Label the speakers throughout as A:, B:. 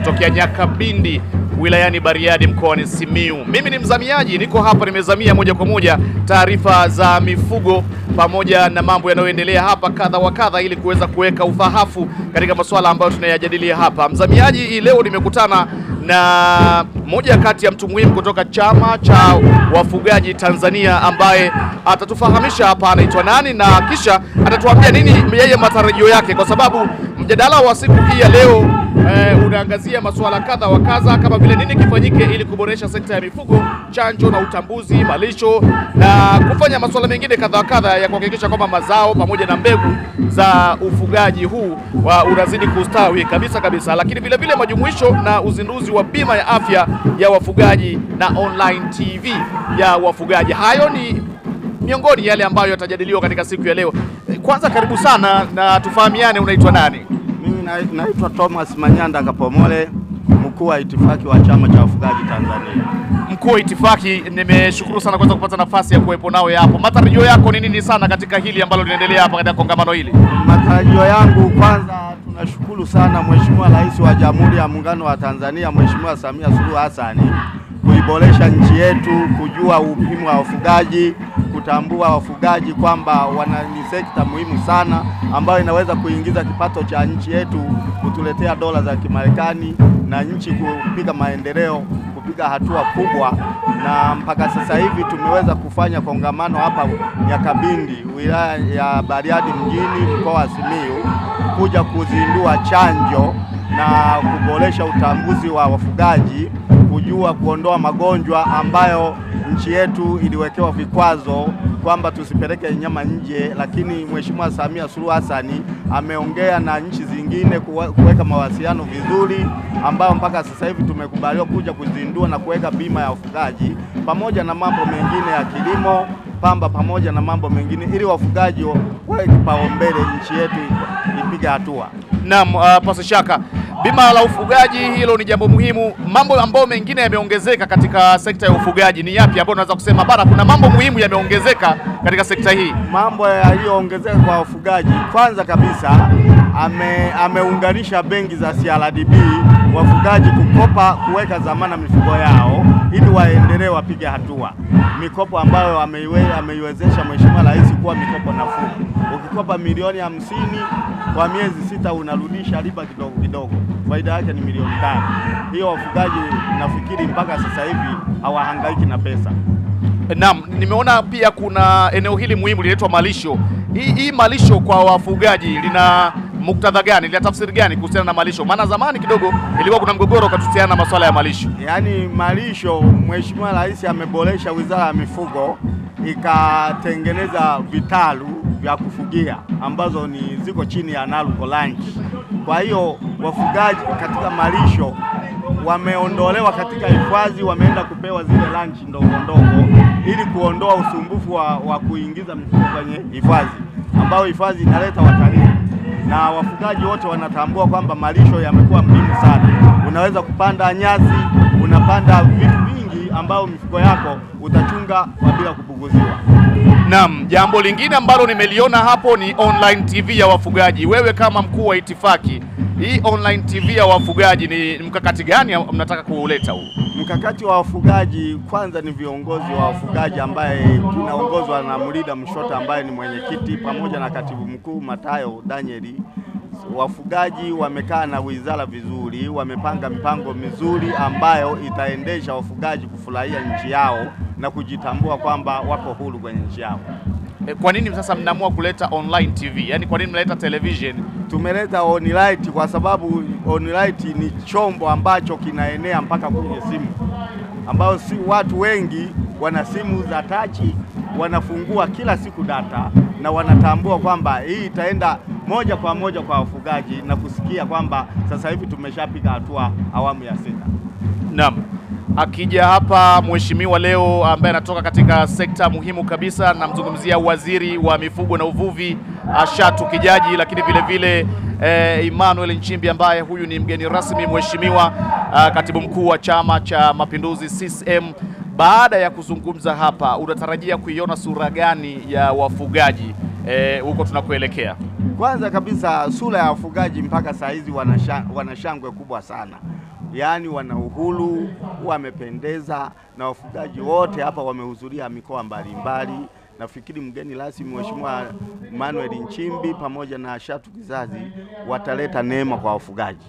A: kutokea Nyakabindi wilayani Bariadi mkoani Simiu. Mimi ni mzamiaji, niko hapa nimezamia moja kwa moja taarifa za mifugo pamoja na mambo yanayoendelea hapa kadha wa kadha, ili kuweza kuweka ufahafu katika masuala ambayo tunayajadilia hapa. Mzamiaji, hii leo nimekutana na moja kati ya mtu muhimu kutoka chama cha wafugaji Tanzania ambaye atatufahamisha hapa anaitwa nani na kisha atatuambia nini yeye matarajio yake, kwa sababu mjadala wa siku hii ya leo eh, unaangazia masuala kadha wa kadha kama vile nini kifanyike ili kuboresha sekta ya mifugo, chanjo na utambuzi, malisho na kufanya masuala mengine kadha wa kadha ya kuhakikisha kwamba mazao pamoja na mbegu za ufugaji huu wa unazidi kustawi kabisa kabisa, lakini vile vile majumuisho na uzinduzi wa bima ya afya ya wafugaji na online TV ya wafugaji. Hayo ni miongoni yale ambayo yatajadiliwa katika siku ya leo. Kwanza karibu sana na tufahamiane, unaitwa nani?
B: Mimi naitwa Thomas Manyanda Kapomole, mkuu wa itifaki wa chama cha wafugaji Tanzania.
A: Mkuu wa itifaki, nimeshukuru sana kwanza kupata nafasi ya kuwepo nawe hapo. Matarajio yako ni nini sana katika hili ambalo linaendelea hapa katika kongamano hili?
B: Matarajio yangu kwanza, tunashukuru sana Mheshimiwa Rais wa Jamhuri ya Muungano wa Tanzania Mheshimiwa Samia Suluhu Hassan kuiboresha nchi yetu, kujua umuhimu wa wafugaji kutambua wafugaji kwamba wana ni sekta muhimu sana ambayo inaweza kuingiza kipato cha nchi yetu, kutuletea dola za Kimarekani na nchi kupiga maendeleo, kupiga hatua kubwa. Na mpaka sasa hivi tumeweza kufanya kongamano hapa Nyakabindi, wilaya ya Bariadi mjini, mkoa wa Simiyu, kuja kuzindua chanjo na kuboresha utambuzi wa wafugaji, kujua kuondoa magonjwa ambayo nchi yetu iliwekewa vikwazo kwamba tusipeleke nyama nje, lakini Mheshimiwa Samia Suluhu Hassan ameongea na nchi zingine kuweka mawasiliano vizuri, ambayo mpaka sasa hivi tumekubaliwa kuja kuzindua na kuweka bima ya ufugaji pamoja na mambo mengine ya kilimo pamba pamoja na mambo mengine ili wafugaji wawe kipaumbele nchi yetu ipige hatua.
A: Naam, uh, pasi shaka Bima la ufugaji hilo ni jambo muhimu. Mambo ambayo mengine yameongezeka katika sekta ya ufugaji ni yapi ambayo unaweza kusema bana, kuna mambo muhimu yameongezeka katika sekta hii?
B: Mambo yaliyoongezeka kwa wafugaji, kwanza kabisa ame, ameunganisha benki za CRDB wafugaji kukopa kuweka zamana mifugo yao ili waendelee wapige hatua, mikopo ambayo ameiwezesha Mheshimiwa Rais kuwa mikopo nafuu. Ukikopa milioni hamsini kwa miezi sita unarudisha riba kidogo kidogo faida yake ni milioni tano. Hiyo wafugaji nafikiri mpaka sasa hivi hawahangaiki na pesa.
A: Naam, nimeona pia kuna eneo hili muhimu linaitwa malisho. Hii hii malisho kwa wafugaji lina muktadha gani, lina tafsiri gani kuhusiana na malisho? Maana zamani kidogo ilikuwa kuna mgogoro kuhusiana na masuala ya malisho.
B: Yaani malisho, Mheshimiwa Rais ameboresha Wizara ya Mifugo ikatengeneza vitalu vya kufugia ambazo ni ziko chini ya Naluko Ranch kwa hiyo wafugaji katika malisho wameondolewa katika hifadhi, wameenda kupewa zile ranchi ndogo ndogo, ili kuondoa usumbufu wa, wa kuingiza mifugo kwenye hifadhi, ambayo hifadhi inaleta watalii na wafugaji wote wanatambua kwamba malisho yamekuwa muhimu sana. Unaweza kupanda nyasi, unapanda vitu vingi ambao mifuko yako utachunga bila kupunguziwa.
A: Naam, jambo lingine ambalo nimeliona hapo ni online TV ya wafugaji. Wewe kama mkuu wa itifaki, hii online TV ya wafugaji ni mkakati gani mnataka kuuleta huu?
B: Mkakati wa wafugaji kwanza ni viongozi wa wafugaji ambaye tunaongozwa na mrida Mshota ambaye ni mwenyekiti pamoja na katibu mkuu Matayo Danieli wafugaji wamekaa na wizara vizuri, wamepanga mipango mizuri ambayo itaendesha wafugaji kufurahia nchi yao na kujitambua kwamba wako huru kwenye nchi yao.
A: E, kwa nini sasa mnaamua kuleta online TV? Yaani kwa nini mnaleta television?
B: Tumeleta online kwa sababu online ni chombo ambacho kinaenea mpaka kwenye simu, ambayo si watu wengi wana simu za tachi, wanafungua kila siku data na wanatambua kwamba hii itaenda moja kwa moja kwa wafugaji na kusikia kwamba sasa hivi tumeshapiga hatua awamu ya sita.
A: Naam. Akija hapa mheshimiwa leo ambaye anatoka katika sekta muhimu kabisa, namzungumzia waziri wa mifugo na uvuvi Ashatu Kijaji, lakini vile vile eh, Emmanuel Nchimbi ambaye huyu ni mgeni rasmi mheshimiwa ah, katibu mkuu wa Chama cha Mapinduzi CCM. Baada ya kuzungumza hapa, unatarajia kuiona sura gani ya wafugaji? Eh, huko e, tunakuelekea.
B: Kwanza kabisa sura ya wafugaji mpaka saa hizi wana shangwe kubwa sana, yaani wana uhuru, wamependeza na wafugaji wote hapa wamehudhuria mikoa mbalimbali. Nafikiri mgeni rasmi Mheshimiwa Manuel Nchimbi pamoja na Shatu Kizazi wataleta neema kwa wafugaji.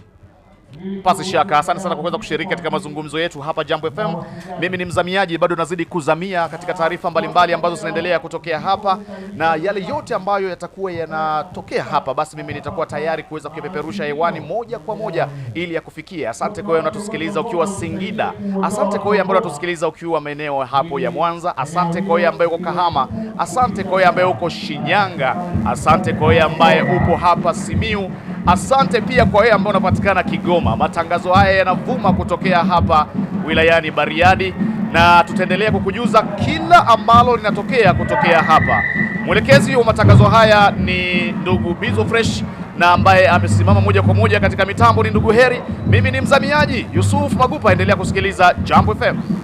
A: Pasi shaka, asante sana kwa kuweza kushiriki katika mazungumzo yetu hapa Jambo FM. Mimi ni mzamiaji, bado nazidi kuzamia katika taarifa mbalimbali ambazo zinaendelea kutokea hapa, na yale yote ambayo yatakuwa yanatokea hapa, basi mimi nitakuwa tayari kuweza kuyapeperusha hewani moja kwa moja ili ya kufikia. Asante kwa wewe unatusikiliza ukiwa Singida, asante kwa wewe ambaye unatusikiliza ukiwa maeneo hapo ya Mwanza, asante kwa wewe ambaye uko Kahama, asante kwa wewe ambaye uko Shinyanga, asante kwa wewe ambaye upo hapa Simiu. Asante pia kwa wewe ambao unapatikana Kigoma. Matangazo haya yanavuma kutokea hapa wilayani Bariadi, na tutaendelea kukujuza kila ambalo linatokea kutokea hapa. Mwelekezi wa matangazo haya ni ndugu Bizo Fresh, na ambaye amesimama moja kwa moja katika mitambo ni ndugu Heri. Mimi ni mzamiaji Yusuf Magupa, endelea kusikiliza Jambo FM.